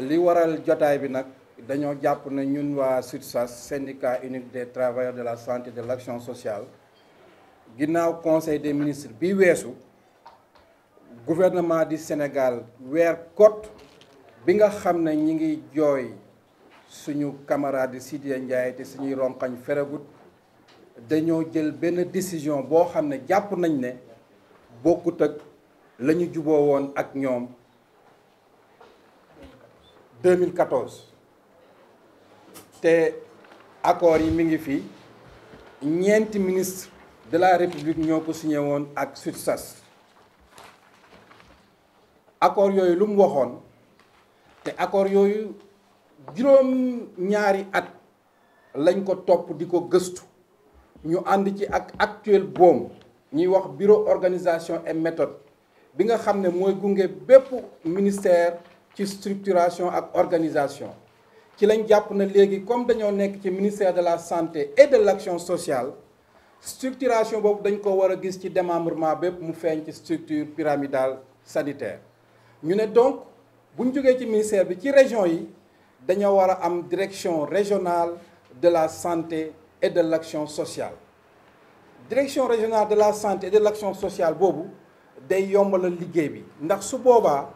li waral jotaay bi nag dañoo jàpp na ñun waa SUTSAS syndicat unique des travailleurs de la santé de l'action sociale ginnaaw conseil des ministres bi weesu gouvernement di Sénégal weer kot bi nga xam ne ñi ngi jooy suñu camarade Sidya Ndiaye te suñuy ronqañ feragut dañoo jël benn décision boo xam ne jàpp nañ ne bokkut ak la ñu juboo woon ak ñoom 2014 te accord yi mi ngi fi ñeenti ministre de la république ñoo ko signé woon ak SUTSAS accord yooyu lu mu waxoon te accord yooyu juróom ñaari at lañ ko topp di ko gëstu ñu ànd ci ak actuelle boom ñuy wax bureau organisation et méthode bi nga xam ne mooy gunge bépp ministère ci structuration ak organisation ci lañ jàpp na léegi comme dañoo nekk ci ministère de la santé et de l'action sociale structuration boobu dañ ko war a gis ci démembrement bépp mu feeñ ci structure pyramidale sanitaire ñu ne donc buñ jógee ci ministère bi ci région yi dañoo war a am direction régionale de la santé et de l'action sociale direction régionale de la santé et de l'action sociale boobu day yombalal liggéey bi ndax su boobaa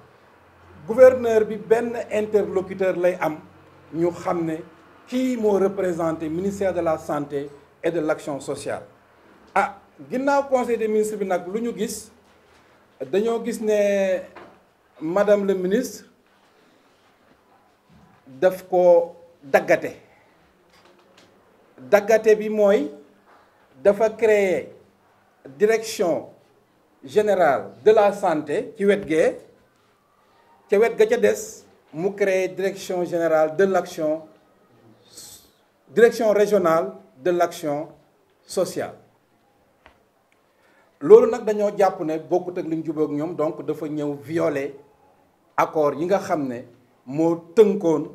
gouverneur bi benn interlocuteur lay am ñu xam ne kii moo représenter ministère de la santé et de l'action sociale ah ginnaaw conseil des ministres bi nag lu ñu gis dañoo gis ne madame le ministre daf ko daggate daggate bi mooy dafa créer direction générale de la santé ci wet gee ca wet ga ca des mu créer direction générale de l'action direction régionale de l'action sociale loolu nag dañoo jàpp ne bokkut ak li ñu jubóog ñoom donc dafa ñëw violer accord yi nga xam ne moo tënkoon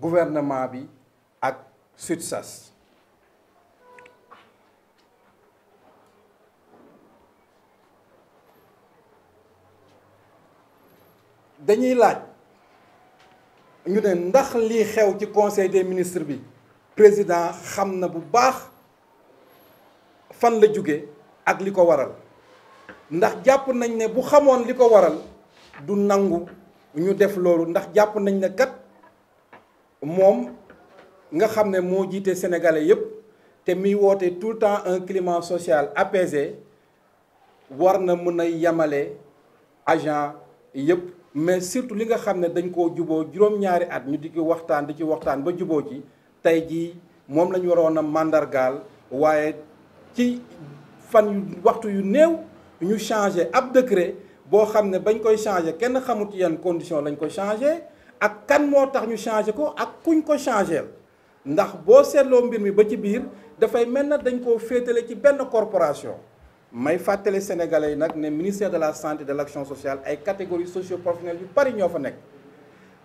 gouvernement bi ak SUTSAS dañuy laaj ñu ne ndax lii xew ci conseil des ministres bi président xam na bu baax fan la jóge ak li ko waral ndax jàpp nañ ne bu xamoon li ko waral du nangu ñu def loolu ndax jàpp nañ ne kat moom nga xam ne moo jiite sénégalais yépp te muy woote tout le temps un climat social apaisé war na mën a yamale agent yépp mais surtout li nga xam ne dañ koo juboo juróom-ñaari at ñu di ci waxtaan di ci waxtaan ba juboo ci tey jii moom la ñu waroon a màndargaal waaye ci fan yu waxtu yu néew ñu changé ab décret boo xam ne bañ koy changé kenn xamut yan condition lañ ko changé ak kan moo tax ñu changé ko ak kuñ ko changé ndax boo seetloo mbir mi ba ci biir dafay mel na dañ koo féetale ci benn corporation may fàttali sénégalais yi nag ne ministère de la santé de l' sociale ay catégories socio-professionnelles yu bari ñoo fa nekk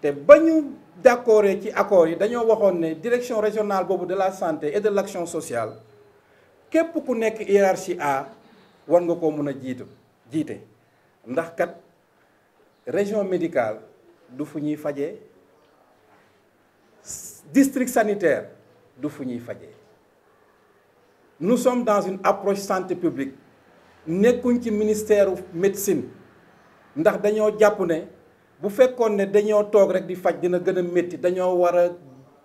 te ba ñu d' accord ci accords yi dañoo waxoon ne direction régionale boobu de la santé et de l' action sociale képp ku nekk hiérarchie A war nga koo mën a jiitu jiite ndax kat région médicale du fu ñuy fajee district sanitaire du fu ñuy fajee nous sommes dans une approche santé publique nekkuñ ci ministère médecine ndax dañoo jàpp ne bu fekkoon ne dañoo toog rek di faj dina gën a métti dañoo war a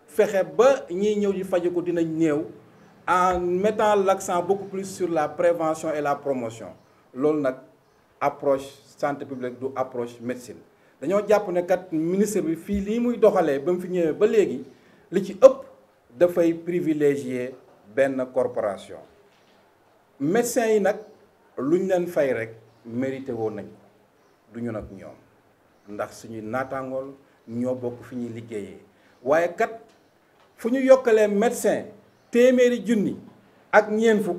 fexe ba ñiy ñëw di faju ko dinañ néew en mettant l'accent beaucoup plus sur la prévention et la promotion loolu nag approche santé publique du approche médecine dañoo jàpp ne kat ministre bi fii lii muy doxalee ba mu fi ñëwee ba léegi li ci ëpp dafay privilégier benn corporation médecin yi nag luñ leen fay rek mérité woon nañ ko du ñun ak ñoom ndax suñuy naataangool ñoo bokk fi ñuy liggéeyee waaye kat fu ñu yokkalee médecin téeméeri junni ak ñeen fukk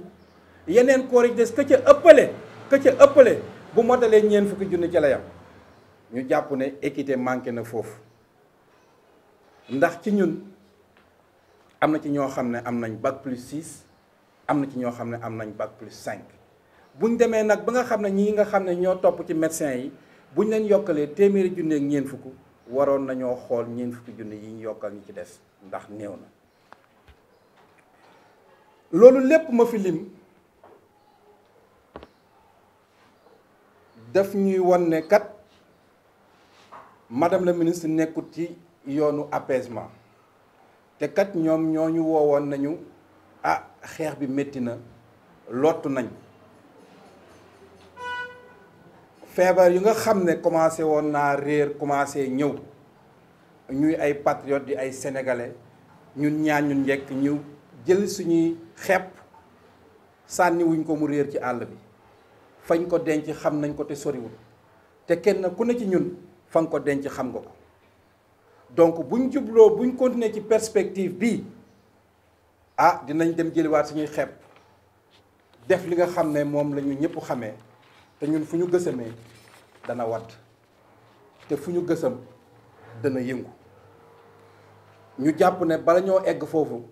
yeneen koor yi des ka ca ëppale ka ëppale bu motalee ñeen fukki junni ca la yam ñu jàpp ne équité manqué na foofu ndax ci ñun am na ci ñoo xam ne am nañ bac plus 6 am na ci ñoo xam ne am nañ bac plus 5 buñ demee nag ba nga xam ne ñii nga xam ne ñoo topp ci médecin yi buñ leen yokkalee téeméeri junne ak ñeent fukk waroon nañoo xool ñeent fukki junne yi ñu yokkal ñu ci des ndax néew na loolu lépp ma fi lim daf ñuy wan ne kat madame la ministre nekkut ci yoonu apaisement te kat ñoom ñoo ñu woowoon nañu ah xeex bi métti na lottu nañ feebar yu nga xam ne commencé woon naa réer commencé ñëw ñuy ay patriotes di ay sénégalais ñun ñaan ñun njëkk ñu jël suñuy xepp sànni wuñ ko mu réer ci àll bi fañ ko denc xam nañ ko te soriwul te kenn ku ne ci ñun fa nga ko denc xam nga ko donc buñ jubloo buñ continuer ci perspective bi ah dinañ dem jëliwaat suñuy xepp def li nga xam ne moom la ñu ñëpp xamee. te ñun fu ñu gësamee dana watt te fu ñu gësam dana yëngu ñu jàpp ne bala ñoo egg foofu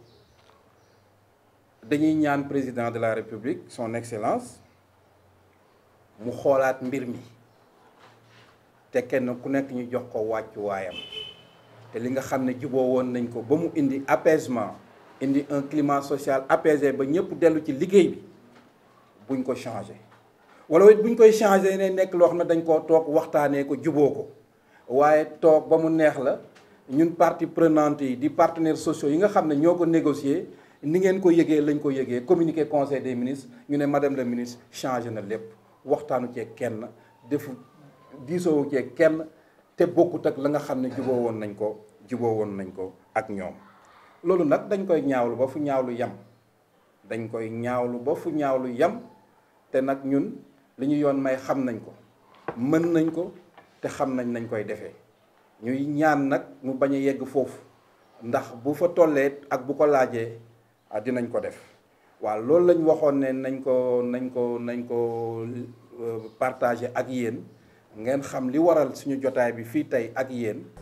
dañuy ñaan président de la république son excellence mu xoolaat mbir mi te kenn ku nekk ñu jox ko wàccu waayam te li nga xam ne juboo woon nañ ko ba mu indi apaisement indi un climat social apaisé ba ñëpp dellu ci liggéey bi buñ ko changé wala it bu ñu koy changé ne nekk loo xam ne dañ koo toog waxtaanee ko juboo ko waaye toog ba mu neex la ñun parti prenante yi di partenaires sociaux yi nga xam ne ñoo ko négocier ni ngeen ko yëgee lañ ko yëgee communiqué conseil des ministres ñu ne madame la ministre changé na lépp waxtaanu cee kenn defu diisoowu cee kenn te bokkut ak la nga xam ne juboo woon nañ ko juboo woon nañ ko ak ñoom loolu nag dañ koy ñaawlu ba fu ñaawlu yam dañ koy ñaawlu ba fu ñaawlu yam te nag ñun li ñu yoon may xam nañ ko mën nañ ko te xam nañ nañ koy defee ñuy ñaan nag mu bañ a yegg foofu ndax bu fa tollee ak bu ko laajee ah, dinañ ko def waaw loolu lañ waxoon ne nañ ko nañ ko nañ ko euh, partagé ak yéen ngeen xam li waral suñu jotaay bi fii tey ak yéen